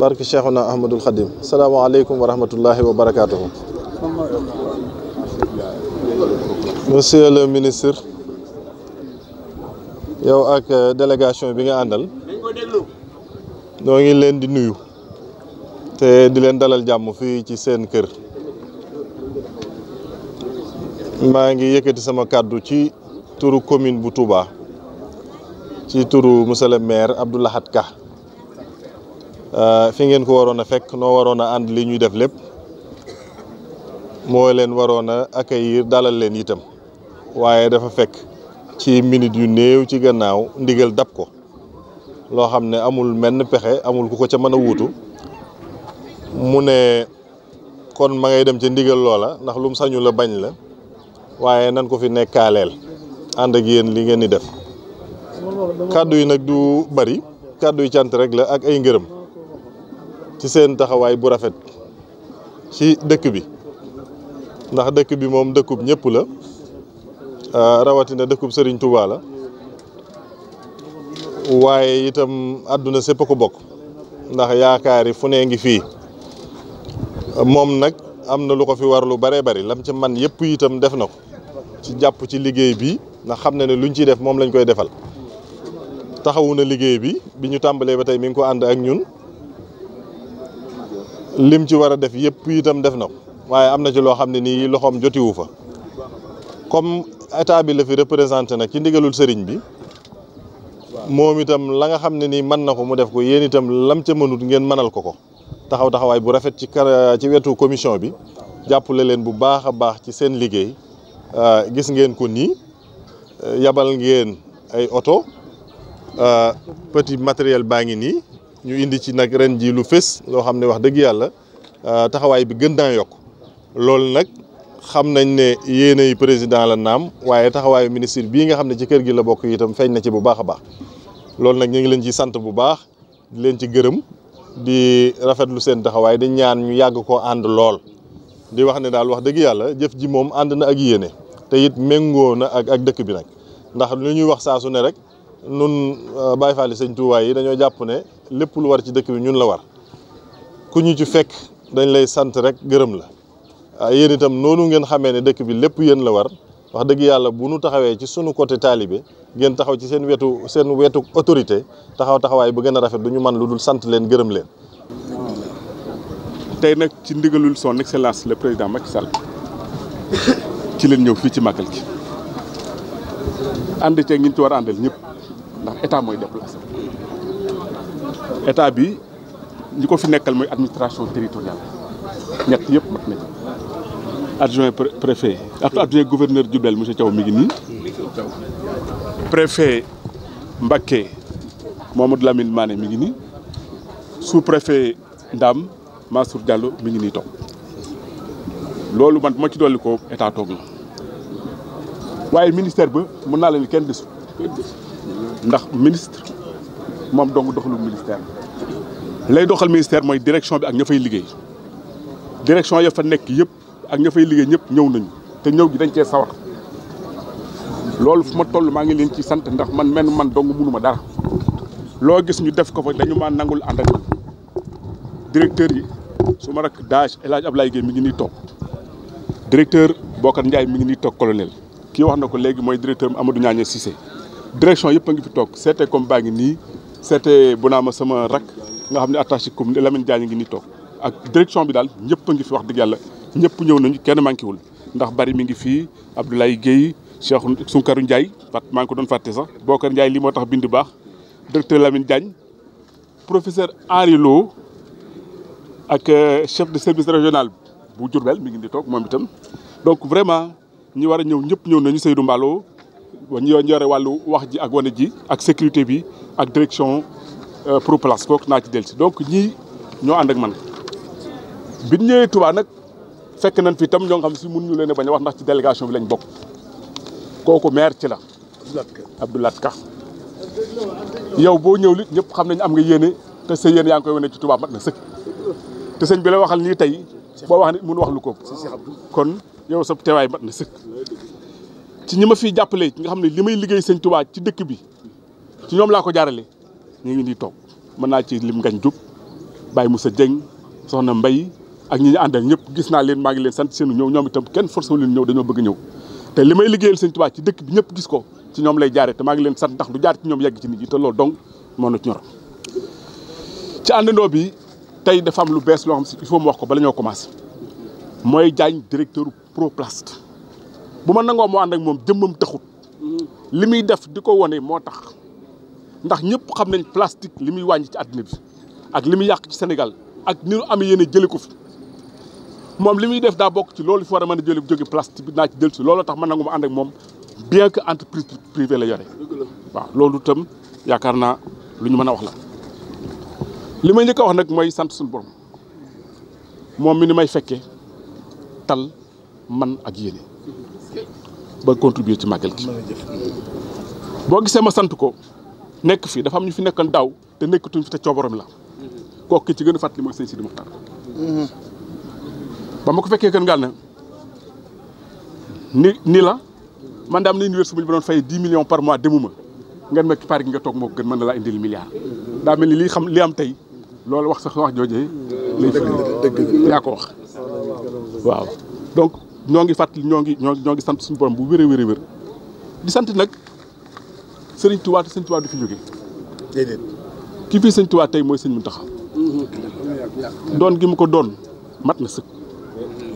barke Cheikhuna Ahmadul Khadim salaamaaleykum wa rahmatullahi wa barakaatuhu. monsieur le ministre yow ak euh, délégation bi nga àndal ñoo ngi leen di nuyu te di leen dalal jàmm fii ci seen kër maa ngi yëkkati sama kàddu ci turu commune bu Touba ci turu monsieur le maire Abdou Ka Euh, fi ngeen ko waroon a fekk noo waroon a ànd li ñuy def lépp moo leen waroon a accueillir dalal leen itam waaye dafa fekk ci minute yu néew ci gannaaw ndigal dab ko loo xam ne amul menn pexe amul ku ko ca mën a wuutu mu ne kon ma ngay dem ca ndigal loola ndax lum sañu la bañ la waaye nan ko fi nekkaaleel ànd ak yéen li ngeen di def kàddu yi nag du bari kàddu yi cant rek la ak ay ngërëm ci seen taxawaay bu rafet ci dëkk bi ndax dëkk bi moom dëkkub ñëpp la ah, item dëkkub Serigne Touba la waaye itam àdduna sépp ko ndax ngi lu ko fi war lu bare bari lam ci man yëpp itam def na ko ci jàpp ci liggéey bi ndax ne luñ def mom lañ koy defal taxawu na liggéey bi bi anda tàmbalee mi ngi ko ak ñun lim ci war a def yëpp itam def na ko waaye am na ci loo xam ne nii loxoom jotiwu fa comme état bi la fi représenté nag ci ndigalul sëriñ bi moom itam la nga xam ne ni mën na ko mu def ko yéen itam lam ca mënut ngeen manal ko ko taxaw taxawaay bu rafet ci ci wetu commission bi jàppale leen bu baax a baax ci seen liggéey euh, gis ngeen ko nii euh, yabal ngeen ay oto euh, petit matériel baa ngi nii ñu indi ci nag ren ji lu fës loo xam ne wax dëgg yàlla euh, taxawaay bi gën naa yokk loolu nag xam nañ ne yéene yi président la naam waaye taxawaayu ministre bii nga xam ne ci kër gi la bokk itam feeñ na ci bu baax a baax loolu nag ñu ngi leen ci sant bu baax leen ci gërëm di rafetlu seen taxawaay di ñaan ñu yàgg koo ànd lool di wax ne daal wax dëgg yàlla jëf ji moom ànd na ak yéene te it méngoo na ak ak dëkk bi nag ndax lu ñuy wax saa ne rek nun euh, Baye Fall sëñ Touba yi dañoo jàpp ne lépp lu war ci dëkk bi ñun la war ku ñu ci fekk dañ lay sant rek gërëm la ah, yéen itam noonu ngeen xamee ne dëkk bi lépp yéen la war wax dëgg yàlla bu nu taxawee ci sunu côté taalibe ngeen taxaw ci seen wetu seen wetu autorité taxaw taxawaay bu gën a rafet du ñu man lu dul sant leen gërëm leen. tey nag ci ndigalul son excellence la président Macky Sall ci leen ñëw fii ci màggal gi ànd ci ngi ci war andal ñep ndax état moy déplacer état bi ñi ko fi nekkal moy administration territoriale ñet yëpp mat nañ adjoint préfet ak adjoint gouverneur Diourbel monsieur taw mi ngi préfet Mbacké Mamadou Lamine Mané mi ngi nii sous préfet Ndam Mansour Diallo mi ngi nii toog loolu man ma ci dolli ko état tok waaye ministère bi mun naa leen kenn gisu ndax ministre moom dong doxalu ministère lay doxal ministère mooy direction bi ak ña liggéey direction ya fa nekk yëpp ak ña fay liggéey ñëpp ñëw nañu te ñëw gi dañ cee sawar loolu fu ma toll maa ngi leen ci sant ndax man men man dong mënu ma dara loo gis ñu def ko fa dañu maa nangul ànd ak directeur yi su ma rak daaj El Hadj Ablaye Gueye mi ngi nii toog directeur Bokar njaay mi ngi nii toog colonel kii wax ko directeur Amadou Niagne Cissé direction yëpp a fi comme baa c'était nii seete sama rak nga xamni ne attaché commune Lamine Diagne ngi ni tok ak direction bi dal ñepp a ngi fi wax dëgg yalla ñepp ñew nañu kenn manki wul ndax bari mi ngi fi Abdoulaye Guèye Cheikh Sounkarou Ndiaye fat maa ko don faté sax Bokar Ndiaye li motax bindu bax docteur directeur Lamine Diagne professeur Henri Lo ak euh, chef de service régional bu Diourbel mi ngi ni tok mom itam donc vraiment ñi wara ñew ñep ñew nañu Seydou mbalo ñi yore walu wax ji ak wane ji ak sécurité bi ak direction euh pro place kok na ci delsi donc ñi ñoo and ak man bi ñewé Touba nak fekk nañ fi tam ñoo xam si mënuñu leen bañ wax ndax ci délégation bi lañ bok koku maire ci la Abdoulaye Ka yow bo ñew li ñep xam nañ am nga yéene te sa yéene yang koy wane ci Touba mat na sëkk te señ bi la waxal ni tay bo wax ni mënu wax lu ko kon yow sa teewaay mat na sëkk ci ñi ma fiy jàppale nga xam ne li may liggéey sëñ Tuubaa ci dëkk bi ci ñoom laa ko jaarale ñu ngi nii toog mën naa ci lim ngañ jub Baye Moussa Dieng soxna Mbay ak ñi ñu ànd gis naa leen maa leen sant seenu ñëw ñoom itam kenn forcé wu leen ñëw dañoo bëgg ñëw te li may liggéeyal ci dëkk bi ñëpp gis ko ci ñoom lay jaare te maa ngi leen sant ndax lu jaar ci ñoom yegg ci nit ñi te loolu donc moo na ci ñor ci àndandoo bi tey dafa am lu bees loo xam si il faut mu wax ko bala ñoo commencé mooy Diagne directeur Proplast bu ma nangoo moo ànd ak moom jëmmam taxut li muy def di ko wone moo tax ndax ñëpp xam nañ plastique li muy wàññi ci àddina bi ak li muy yàq ci Sénégal ak ni mu amee yéen jëlee ko fi moom li muy def daa bokk ci loolu fi war a mën a jëlee jóge plastique bi naa ci dellu si looloo tax ma nangu ma ànd ak moom bien que entreprise privée la yore waaw loolu tam yaakaar naa lu ñu mën a wax la li ma njëkk a wax nag mooy sant suñu borom moom mi ni may fekkee. tal man ak yene ba contribuer ci magal gi bo gisé ma sant ko nek fi dafa am ñu fi nekkal daw te nekkatuñ fi te cioborom la ko ki ci gëna a mo mooy sëñ Sidi ba mako fekke gën galna ni ni la man dam ni université bu doon fay 10 millions par mois demuma ngeen ma ci Paris gi nga tok moo gën man la indi milliard da melni li xam li am tay lolou wax sax wax jojé lay deug ya ko wax waaw donc ñoo ngi fàttali ñoo ngi ñoo ñoo ngi sant suñu borom bu wér a wér di sant nag sëriñ Tuubaa te sëriñ Tuubaa fi jóge déedéet ki tey mooy sëriñ Muntaxa doon gi mu ko doon mat na sëkk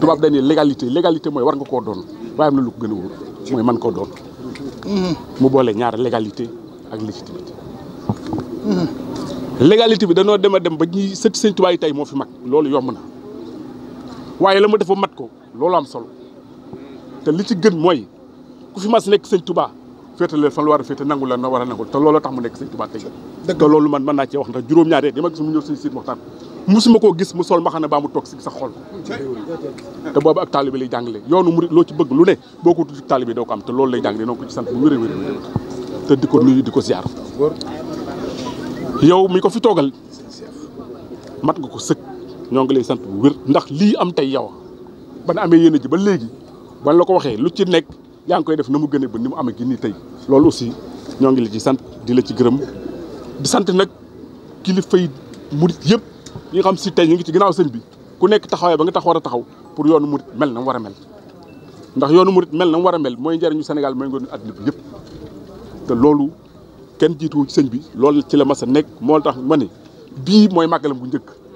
tubaab dañ légalité légalité mooy war nga koo doon waaye am na lu ko gën a wóor mooy man koo doon mu boole ñaar légalité ak légalité bi danoo dem a dem ba ñuy sëti sëriñ Tuubaa yi tey moo fi mag loolu yomb na waaye la ma def mat ko loolu am solo te li ci gën mooy ku fi mas nekk sëñ Touba féete leen fan la war a féete nangu la na war a nangul te looloo tax mu nekk sëñ Touba tey te loolu man mën naa cee wax ndax juróom-ñaari di ma gis mu ñëw suñu siit waxtaan musuma koo gis ne baa sa xol te boobu ak taalibe lay jàngale yoonu murit loo ci bëgg lu ne boo ko tuddu taalibe doo ko am te loolu lay jàngale donc ko ci sant bu wér a te di ko nuyu di ko ziar yow mi ko fi toogal mat nga ko sëkk ñoo ngi lay sant bu wér ndax lii am tey yow ban amee yéene ji ba léegi ban la ko waxee lu ci nekk yaa ngi koy def na mu gënee ba ni mu amee gi nii tey loolu aussi ñoo ngi la ci sant di la ci gërëm sant nag kilifa yi murit yëpp yi xam si tey ñu ngi ci ginnaaw sëñ bi ku nekk taxawaay ba nga tax a taxaw pour yoonu murit mel na war a mel ndax yoonu murit mel na war a mel mooy njëriñu Sénégal mooy ngeen adduna bi yëpp loolu kenn jiituwu ci sëñ bi loolu ci la mas nekk moo tax ma ne bii mooy màggalam bu njëkk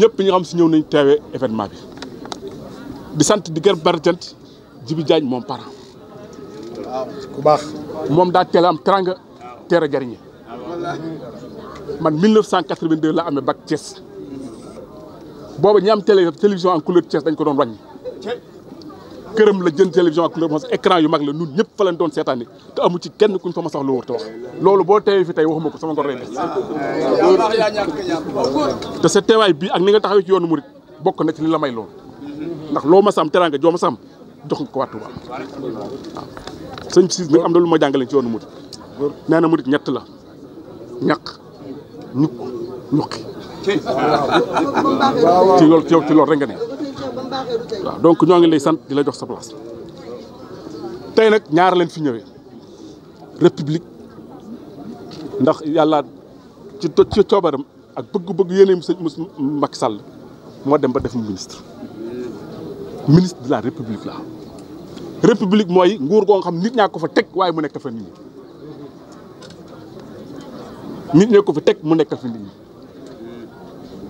ñëpp ñu xam si ñëw nañ teewee événement bi di sant di gërëm bari cant Jibi jaañ moom parent ku baax moom daa teel am teranga teer a jariñe man 1982 la amee bac Thiès booba ñi am télé télévision en couleur Thiès dañ ko doon wàññi këram la jën télévision ak couleur mos écran yu mag la ñun ñëpp fa lañ doon seetaan te amu ci kenn kuñ fa ma sax lu wër te wax loolu boo teewee fi tey waxuma ko sama ngor rey des te sa teewaay bii ak ni nga taxawee ci yoonu murit bokk na ci li la may loolu ndax loo ma sam teraanga joo ma sam jox ko waa Touba waaw sëñ siis nag am na lu ma jàngale ci yoonu murit nee na murit ñett la ñaq ñukk ñukki ci lool ci ci loolu rek nga ne waaw donc ñoo ngi lay sant di la jox sa place tey nag ñaar leen fi ñëwee république ndax yàlla ci ci coobaram ak bëgg-bëgg yéeneem sëñ Macky sàll moo dem ba def mu ministre ministre de la république la république mooy nguur goo xam nit ñaa ko fa teg waaye mu nekk fa nit ñi nit ko fa teg mu nekk fa nit ñi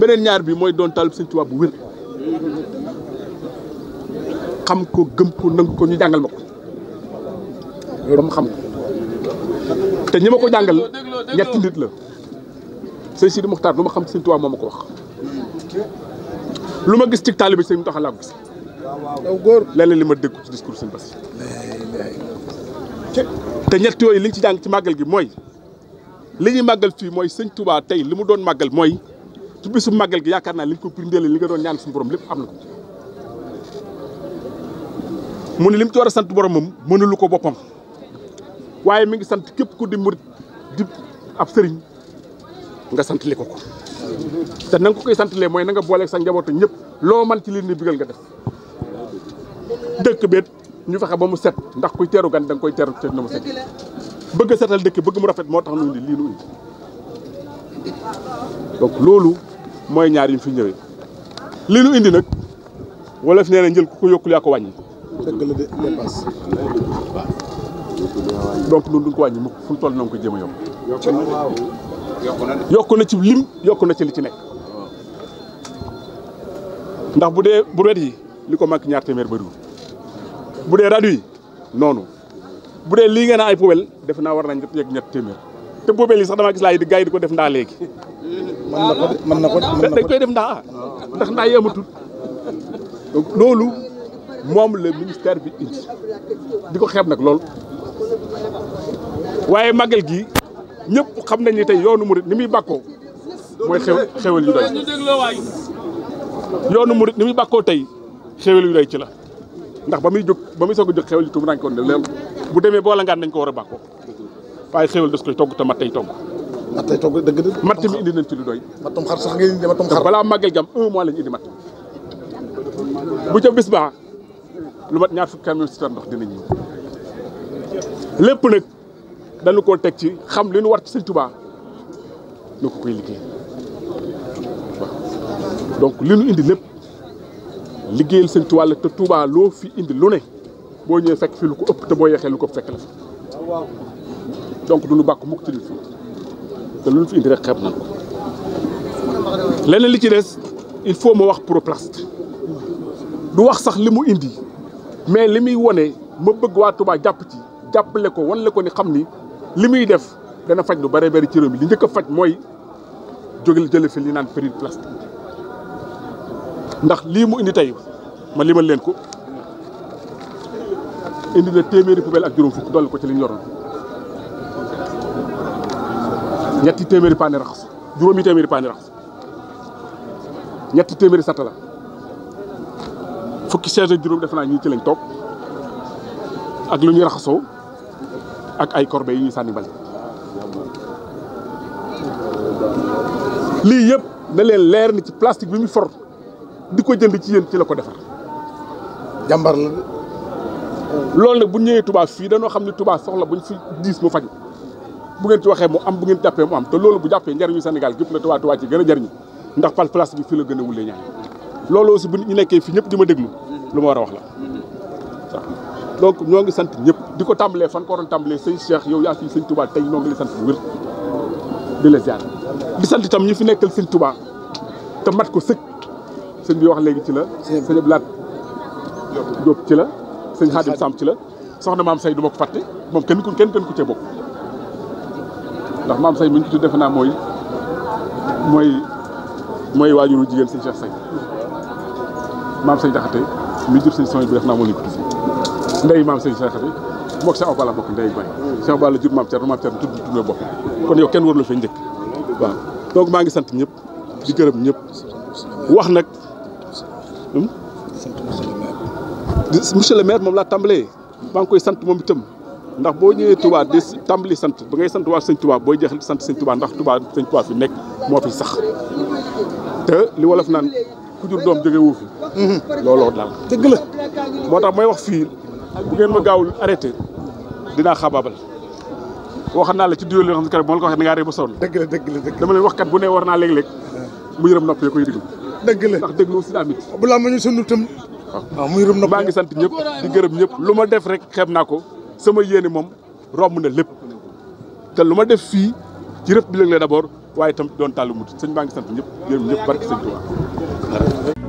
beneen ñaar bi mooy doon taalib Sëñ Tuubaa bu wér xam ko gëm ko nangu ko ñu jàngal ma ko loolu ma xam ko te ñi ma ko jàngal ñetti nit la sëñ Sidi Muxtaar lu ma xam Sëñ Tuubaa moo ma ko wax lu ma gis ci taalibe sëñ Muntaxa laa ko gis leneen li ma dégg ci discours sëñ Bass te ñett yooyu li ñu ci jàng ci màggal gi mooy li ñuy màggal fii mooy sëñ Tuubaa tey li mu doon màggal mooy ci bisu magal gi yakarna liñ ko pindel li nga doon ñaan suñu borom lepp amna ko mu ne lim ci war a boromam mënulu ko bopam waye mi ngi sant kep ku di murid di ab serign nga sant li ko ko te nang ko koy santalee le moy nga ak sa njabotu ñëpp lo man ci leen ni bigal nga def dekk beet ñu fexé ba mu set ndax kuy téru gan dang koy téru te na mu set bëgg sétal dekk bëgg mu rafet mo tax ñu indi lii donc lolu mooy ñaar yi fi ñëwee li nu indi nag wolof nee na njël ku ko yokkul yaa ko wàññi. dëgg la de dépasse. donc ñun duñ mukk fu mu toll na ko jéem a yokk. yokk na ci lim yokku na ci li ci nekk. ndax bu dee brouette yi li ko manque ñaar téeméer bëriwul bu dee rajo yi noonu bu dee lii ngeen ay poubelle def naa war nañ yegg ñett téeméer te poubelle yi sax damaa gis laa yi di gars ko def ndaa léegi. mën na ko mën na ko dañ koy def ndaa ndax ndaa yi donc loolu moom le ministère bi indi di ko xeeb nag lool waaye màggal gi ñëpp xam nañ ni tey yoonu murit ni muy bàkkoo mooy xew xewal yu doy yoonu murit ni muy bàkkoo tey xewal yu ci la ndax ba muy jóg ba muy soog a jóg xewal yi tuum nañ ko ne bu demee boola ngaan nañ ko war a bàkkoo waaye xewal des koy togg te mat tey togg mat tay deug deug dëgg mi indi nañ ci lu doy matum xar sax ngeen indi mattum xar bala màggal jam 1 mois lañ indi mat bu ca bis baa lu mat ñaar fukki camion citerne ndox dinañ ñëw lepp nak dañu ko tek ci xam li ñu war ci Sëñ Tuubaa ñu ko koy liggéey donc li ñu indi lepp liggéeyal Serigne Touba la te Touba lo fi indi lu ne boo ñëwee fekk fi lu ko ëpp te boo yeexee lu ko fekk la fa ah, donc duñu bàkk mukk ci li fii te lu ñu fi indi rek xeeb nañ leneen li ci des il faut ma wax proplast du wax sax li mu indi mais li muy wone ma bëgg waa tubaa jàpp ci jàppale ko wan la ko ni xam ni li muy def dana faj lu bare bari ci réew li njëkk a faj mooy jógal jële fi li naan périd plastique ndax lii mu indi tey ma limal leen ko indi na téeméeri poubelle ak juróom fukk dolli ko ci li ñu yoroon ñetti téeméeri paani raxas juróomi téeméeri paani raxas ñetti téeméeri satala fukki chaise juróom def naa ñii ci lañ toog ak lu ñuy raxasoo ak ay corbeille yi ñuy sànni bale lii yëpp na leen leer ni ci plastique bi muy for di ko jënd ci yéen ci la ko defar jàmbar la de loolu nag bu ñëwee tubaab fii dañoo xam ne tubaab soxla buñ fi diis mu faju bu ngeen ci waxe mu am bu ngeen tapé mu am té lolu bu ndar ñu Sénégal gépp na te waa Touba ci gën a ndax fal place bi fi la gëna wulé ñaan lolu aussi bu ñu nekké fi ñëpp dima déglu lu mo wara wax la donc ñoo ngi sant ñëpp diko tambalé fan ko ron tambalé sëñ Cheikh yow ya fi sëñ Touba tay ñoo ngi sant wër di la ziar di sant tam ñu fi nekkal sëñ Touba te mat ko sëkk sëñ bi wax légui ci la sëñ Abdoulaye Diop ci la sëñ Khadim sam ci la soxna maam say duma ko fàtte mom kenn ku kenn kenn ku ci bokk ndax maam say mi ñu naa mooy mooy mooy waajuru jigéen Cheikh Say maam say jaxate mi jur sëñ sooy def naa moo tudd ndey maam say jaxate bokk bay Cheikh maam kon yow sant di gërëm wax hmm? monsieur le maire moom laa tàmbalee maa ngi sant itam ndax boo ñëwee Touba di tàmbali sant ba ngay sant waa sëñ Touba booy jeexal sant sëñ Touba ndax Touba sëñ Touba fi nekk moo fi sax te li wolof naan ku jur doom jóge wu fi. Mm-hmm. looloo daal dëgg la moo tax may wax fii bu ngeen ma gaawul arrêté dinaa xabaabal waxoon naa la ci diwéer yoo xam ne keroog moo la ko waxee da ngaa ree ba sonn. dëgg la dëgg la leen wax kat bu ne war naa léeg-léeg mu yërëm nopp yi koy dëgg la ndax déglu si amit. bu la ma ñu sunu tam. waaw ah. ah, mu yërëm nopp maa ngi sant ñëpp di gërëm ñëpp lu ma def rek xeeb naa ko sama yéene moom romb na lépp te lu ma def fii ci rëf bi léeg-léeg waaye tam doon tàllu mut sëñ maa ngi sant ñëpp yéen ñëpp barke sëñ Tuubaa